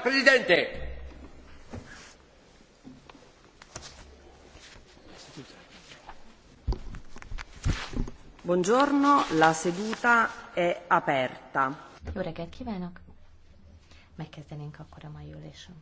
Presidente! Buongiorno, la seduta è aperta. Jó reggelt kívánok! Megkezdenénk akkor a mai ülésünk.